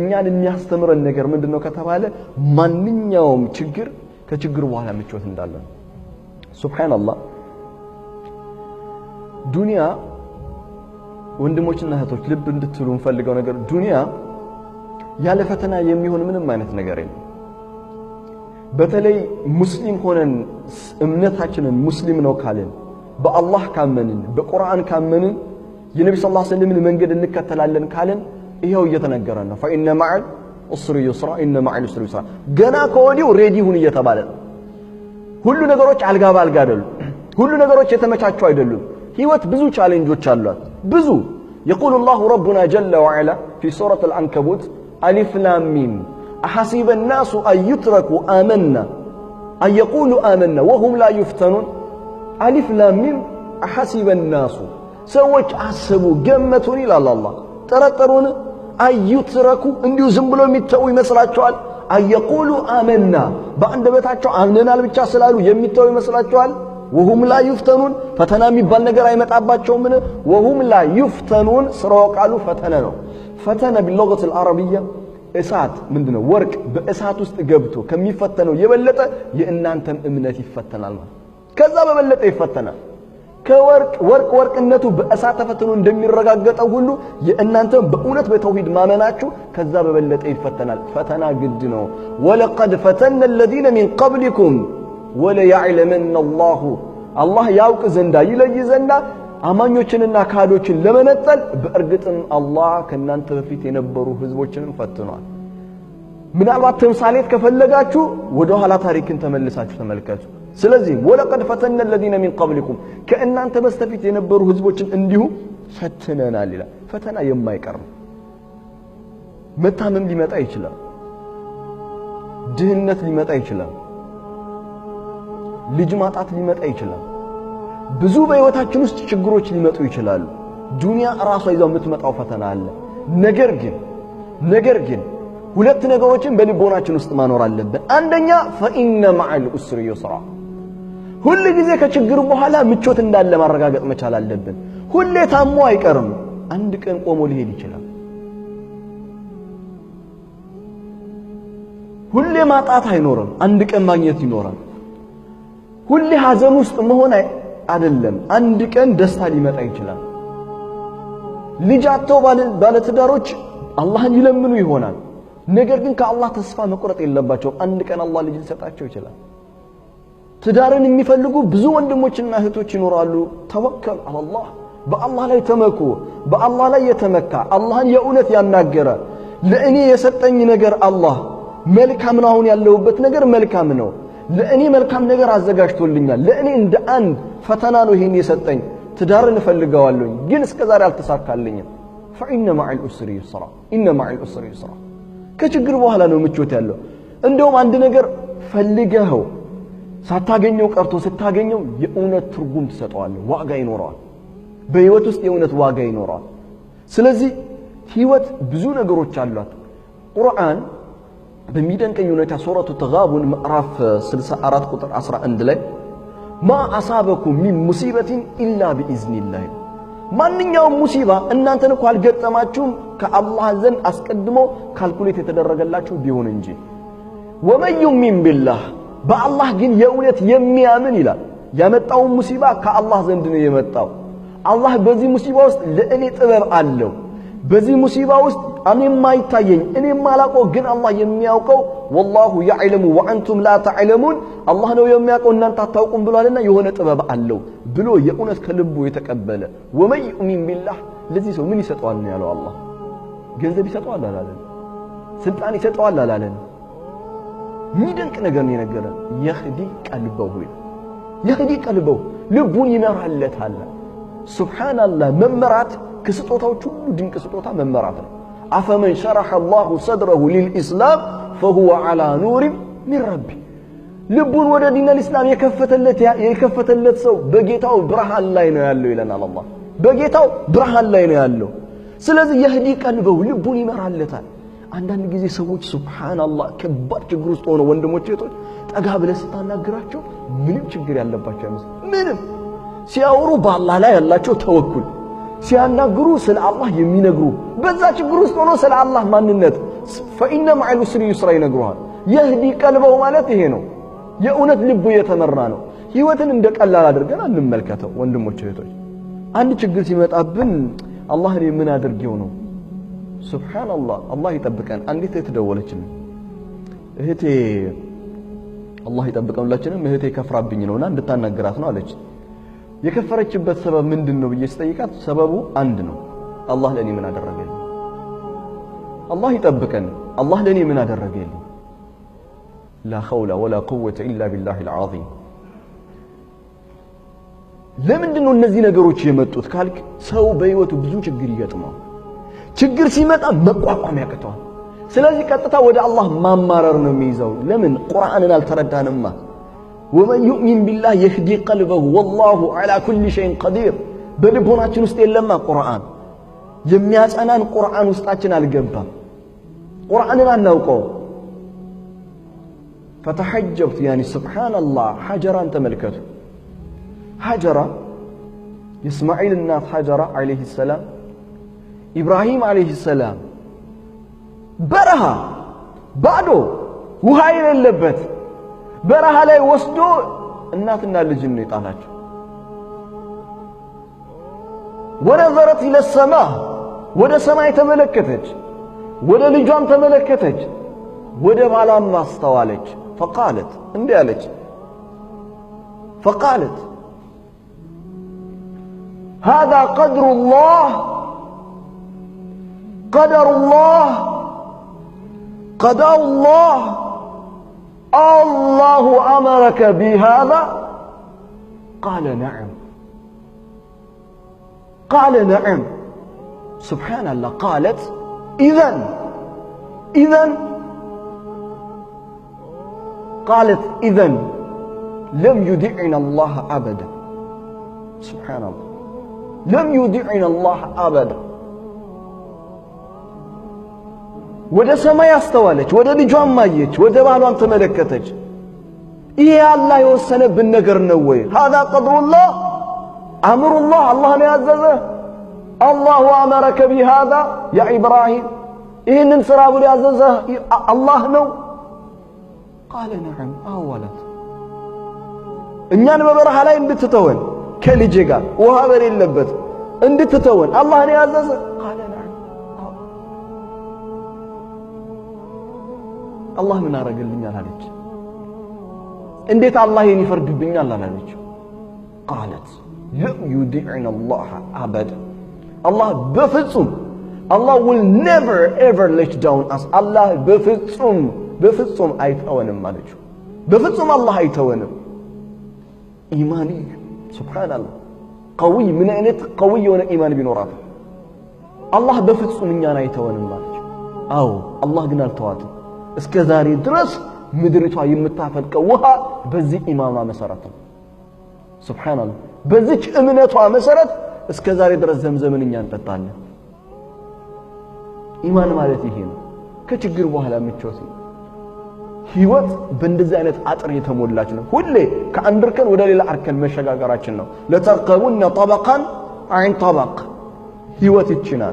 እኛን የሚያስተምረን ነገር ምንድነው ከተባለ ማንኛውም ችግር ከችግሩ በኋላ ምቾት እንዳለ ነው። ሱብሃነላህ ዱንያ ወንድሞችና እህቶች ልብ እንድትሉ እንፈልገው ነገር ዱንያ ያለ ፈተና የሚሆን ምንም አይነት ነገር የለም። በተለይ ሙስሊም ሆነን እምነታችንን ሙስሊም ነው ካልን በአላህ ካመንን በቁርአን ካመንን የነቢ ስ ላ ስለምን መንገድ እንከተላለን ካልን ይኸው እየተነገረ ነው። ፈኢነ ማዕል ኡስሪ ዩስራ፣ ኢነ ማዕል ኡስሪ ዩስራ። ገና ከወዲው ሬዲ ሁን እየተባለ ሁሉ ነገሮች አልጋ ባልጋ አይደሉም። ሁሉ ነገሮች የተመቻቹ አይደሉም። ህይወት ብዙ ቻሌንጆች አሏት ብዙ يقول الله ربنا جل وعلا في سورة العنكبوت ألف لام ميم أحسب الناس أن يتركوا آمنا أن يقولوا آمنا وهم لا يفتنون ألف لام ميم أحسب الناس ሰዎች አስቡ ገመቱን ይላል አላህ ጠረጠሩን አዩትረኩ እንዲሁ ዝም ብሎ የሚተው ይመስላችኋል አየቁሉ አመና በአንደበታቸው አምነናል ብቻ ስላሉ የሚተው ይመስላችኋል ወሁም ላ ዩፍተኑን ፈተና የሚባል ነገር አይመጣባቸውምን? ወሁም ላ ዩፍተኑን ስራው ቃሉ ፈተነ ነው። ፈተነ ቢሎገት አልአረቢያ እሳት ምንድን ነው? ወርቅ በእሳት ውስጥ ገብቶ ከሚፈተነው የበለጠ የእናንተም እምነት ይፈተናል ማለት ከዛ በበለጠ ይፈተናል። ከወርቅ ወርቅ ወርቅነቱ በእሳት ተፈትኖ እንደሚረጋገጠው ሁሉ የእናንተም በእውነት በተውሂድ ማመናችሁ ከዛ በበለጠ ይፈተናል። ፈተና ግድ ነው። ወለቀድ ፈተነ አለዚነ ሚን ቀብሊኩም ወለያዕለመና አላሁ አላህ ያውቅ ዘንዳ ይለይ ዘንዳ አማኞችንና ካዶችን ለመነጠል በእርግጥም አላህ ከእናንተ በፊት የነበሩ ህዝቦችንም ፈትኗል። ምናልባት ተምሳሌት ከፈለጋችሁ ወደ ኋላ ታሪክን ተመልሳችሁ ተመልከቱ። ስለዚህ ወለቀድ ፈተነ ለዚነ ሚን ቀብሊኩም ከእናንተ በስተፊት የነበሩ ህዝቦችን እንዲሁ ፈትነናል ይላል። ፈተና የማይቀር ነው። መታመም ሊመጣ ይችላል። ድህነት ሊመጣ ይችላል። ልጅ ማጣት ሊመጣ ይችላል። ብዙ በህይወታችን ውስጥ ችግሮች ሊመጡ ይችላሉ። ዱንያ ራሷ ይዛው የምትመጣው ፈተና አለ። ነገር ግን ነገር ግን ሁለት ነገሮችን በልቦናችን ውስጥ ማኖር አለብን። አንደኛ ፈኢነ መዐል ኡስሪ ዩስራ፣ ሁል ጊዜ ከችግር በኋላ ምቾት እንዳለ ማረጋገጥ መቻል አለብን። ሁሌ ታሞ አይቀርም። አንድ ቀን ቆሞ ሊሄድ ይችላል። ሁሌ ማጣት አይኖርም። አንድ ቀን ማግኘት ይኖራል። ሁሌ ሐዘን ውስጥ መሆን አይደለም። አንድ ቀን ደስታ ሊመጣ ይችላል። ልጅ አጥተው ባለትዳሮች አላህን ይለምኑ ይሆናል። ነገር ግን ከአላህ ተስፋ መቁረጥ የለባቸውም። አንድ ቀን አላህ ልጅ ሊሰጣቸው ይችላል። ትዳርን የሚፈልጉ ብዙ ወንድሞችና እህቶች ይኖራሉ። ተወከል አላህ፣ በአላህ ላይ ተመኩ። በአላህ ላይ የተመካ አላህን የእውነት ያናገረ ለእኔ የሰጠኝ ነገር አላህ መልካም ነው። አሁን ያለሁበት ነገር መልካም ነው ለእኔ መልካም ነገር አዘጋጅቶልኛል። ለእኔ እንደ አንድ ፈተና ነው ይሄን የሰጠኝ። ትዳርን እፈልገዋለሁ፣ ግን እስከ ዛሬ አልተሳካልኝም። ፈኢነ ማዕል ዑስሪ ዩስራ፣ ኢነ ማዕል ዑስሪ ዩስራ። ከችግር በኋላ ነው ምቾት ያለው። እንደውም አንድ ነገር ፈልገኸው ሳታገኘው ቀርቶ ስታገኘው የእውነት ትርጉም ትሰጠዋለህ፣ ዋጋ ይኖረዋል። በህይወት ውስጥ የእውነት ዋጋ ይኖረዋል። ስለዚህ ህይወት ብዙ ነገሮች አሏት ቁርአን በሚደንቀኝ ሁኔታ ሱረቱ ተጋቡን ምዕራፍ 64 ቁጥር 11 ላይ ማ አሳበኩም ሚን ሙሲበቲን ኢላ ቢኢዝኒላህ ማንኛውም ሙሲባ እናንተን እኮ አልገጠማችሁም ከአላህ ዘንድ አስቀድሞ ካልኩሌት የተደረገላችሁ ቢሆን እንጂ። ወመን ዩሚን ቢላህ በአላህ ግን የእውነት የሚያምን ይላል። ያመጣውን ሙሲባ ከአላህ ዘንድ ነው የመጣው። አላህ በዚህ ሙሲባ ውስጥ ለእኔ ጥበብ አለው በዚህ ሙሲባ ውስጥ እኔ የማይታየኝ እኔ የማላውቀው ግን አላህ የሚያውቀው ወላሁ ያዕለሙ ወአንቱም ላ ተዕለሙን አላህ ነው የሚያውቀው እናንተ አታውቁም ብሏልና የሆነ ጥበብ አለው ብሎ የእውነት ከልቡ የተቀበለ ወመን ዩእሚን ቢላህ ለዚህ ሰው ምን ይሰጠዋል ያለው አላህ ገንዘብ ይሰጠዋል አላለን ስልጣን ይሰጠዋል አላለን የሚደንቅ ነገር ነው የነገረን የህዲ ቀልበው ይላል የህዲ ቀልበው ልቡን ይመራለታል ሱብሓናላህ መመራት ከስጦታዎች ሁሉ ድንቅ ስጦታ መመራት ነው። አፈመን ሸረሐ አላሁ ሰድረሁ ሊልኢስላም ፈሁወ ዓላ ኑሪም ሚን ረቢ ልቡን ወደ ዲን አልኢስላም የከፈተለት ሰው በጌታው ብርሃን ላይ ነው ያለው ይለናል አላህ። በጌታው ብርሃን ላይ ነው ያለው። ስለዚህ የህዲ ቀልበው ልቡን ይመራለታል። አንዳንድ ጊዜ ሰዎች ሱብሓነላህ ከባድ ችግር ውስጥ ሆነው ወንድሞች እህቶች ጠጋ ብለህ ስታናግራቸው ምንም ችግር ያለባቸው አይመስልም። ምንም ሲያወሩ በአላህ ላይ ያላቸው ተወኩል ሲያናግሩ ስለ አላህ የሚነግሩ በዛ ችግር ውስጥ ሆኖ ስለ አላህ ማንነት ፈኢነ መዐል ዑስሪ ዩስራ ይነግሩሃል። የህዲ ቀልበው ማለት ይሄ ነው። የእውነት ልቡ የተመራ ነው። ህይወትን እንደ ቀላል አድርገን አንመልከተው። ወንድሞች እህቶች፣ አንድ ችግር ሲመጣብን አላህ እኔ ምን አድርጌው ነው? ሱብሓነላህ አላህ ይጠብቀን። አንዲት እህት ደወለችልን። እህቴ አላህ ይጠብቀን ሁላችንም፣ እህቴ ከፍራብኝ ነውና እንድታናግራት ነው አለች። የከፈረችበት ሰበብ ምንድን ነው ብዬ ስጠይቃት ሰበቡ አንድ ነው። አላህ ለእኔ ምን አደረገልኝ? አላህ ይጠብቀን። አላህ ለእኔ ምን አደረገልኝ? ላ ኸውላ ወላ ቁወተ ኢላ ቢላሂል ዓዚም። ለምንድን ነው እነዚህ ነገሮች የመጡት ካልክ ሰው በህይወቱ ብዙ ችግር ይገጥመዋል። ችግር ሲመጣ መቋቋም ያቅተዋል። ስለዚህ ቀጥታ ወደ አላህ ማማረር ነው የሚይዘው። ለምን ቁርአንን አልተረዳንማ ወመን ዩእሚን ቢላህ የህዲ ቀልበሁ ወላሁ ዓላ ኩሊ ሸይን ቀዲር። በልቦናችን ውስጥ የለማ ቁርአን የሚያጸናን ቁርአን ውስጣችን አልገባም። ቁርአንን አናውቀው። ፈተሐጀብቱ ያኒ ስብሓንላህ ሐጀራን ተመልከቱ። ሐጀራ የእስማዒል እናት ሐጀራ ዓለይህ ሰላም ኢብራሂም ዓለይህ ሰላም በረሃ ባዶ ውሃ የሌለበት برها لا يوسدو الناتنا لجنو يطالاتو ونظرت إلى السماء ودى سماء تملكتج ودى لجوان تملكتج ودى معلام ما استوالج فقالت انديالج فقالت هذا قدر الله قدر الله قدر الله, قدر الله الله امرك بهذا قال نعم قال نعم سبحان الله قالت اذا اذا قالت اذا لم يدعنا الله ابدا سبحان الله لم يدعنا الله ابدا ወደ ሰማይ አስተዋለች፣ ወደ ልጇም አየች፣ ወደ ባሏም ተመለከተች። ይሄ አላህ የወሰነብን ነገር ነው ወይ? ሃዛ ቀድሩላህ አምሩላህ፣ አላህ ነው ያዘዘ። አላሁ አመረከ ቢሃዛ ያ ኢብራሂም፣ ይህንን ስራ ብሎ ያዘዘ አላህ ነው። ቃለ ነዓም፣ አዎ እኛን በበረሃ ላይ እንድትተወን ከልጄ ጋር ውሃ በሌለበት እንድትተወን አላህ ነው ያዘዘ አላህ ምን አረገልኛል አለች። እንዴት አላህ የኔ ይፈርድብኛል አላለችው። ቃለት ለም ዩዲዕን አላህ አበደ አላህ በፍጹም አላህ ውል ኔቨር ኤቨር ሌት ዳውን አስ አላህ በፍጹም በፍጹም አይተወንም አለችው። በፍጹም አላህ አይተወንም። ኢማን ሱብሓነላህ ቀዊይ ምን አይነት ቀዊይ የሆነ ኢማን ቢኖራት አላህ በፍጹም እኛን አይተወንም አለችው። አዎ አላህ ግን አልተዋትም። እስከ ዛሬ ድረስ ምድሪቷ የምታፈልቀው ውሃ በዚህ ኢማኗ መሰረት ነው። ሱብሓነላህ በዚች እምነቷ መሰረት እስከ ዛሬ ድረስ ዘምዘምን እኛ እንጠጣለን። ኢማን ማለት ይሄ ነው። ከችግር በኋላ ምቾት ህይወት በእንደዚህ አይነት አጥር የተሞላች ነው። ሁሌ ከአንድ እርከን ወደ ሌላ እርከን መሸጋገራችን ነው። ለተርከቡነ ጠበቃን አይን ጠበቅ ህይወት ይችናል።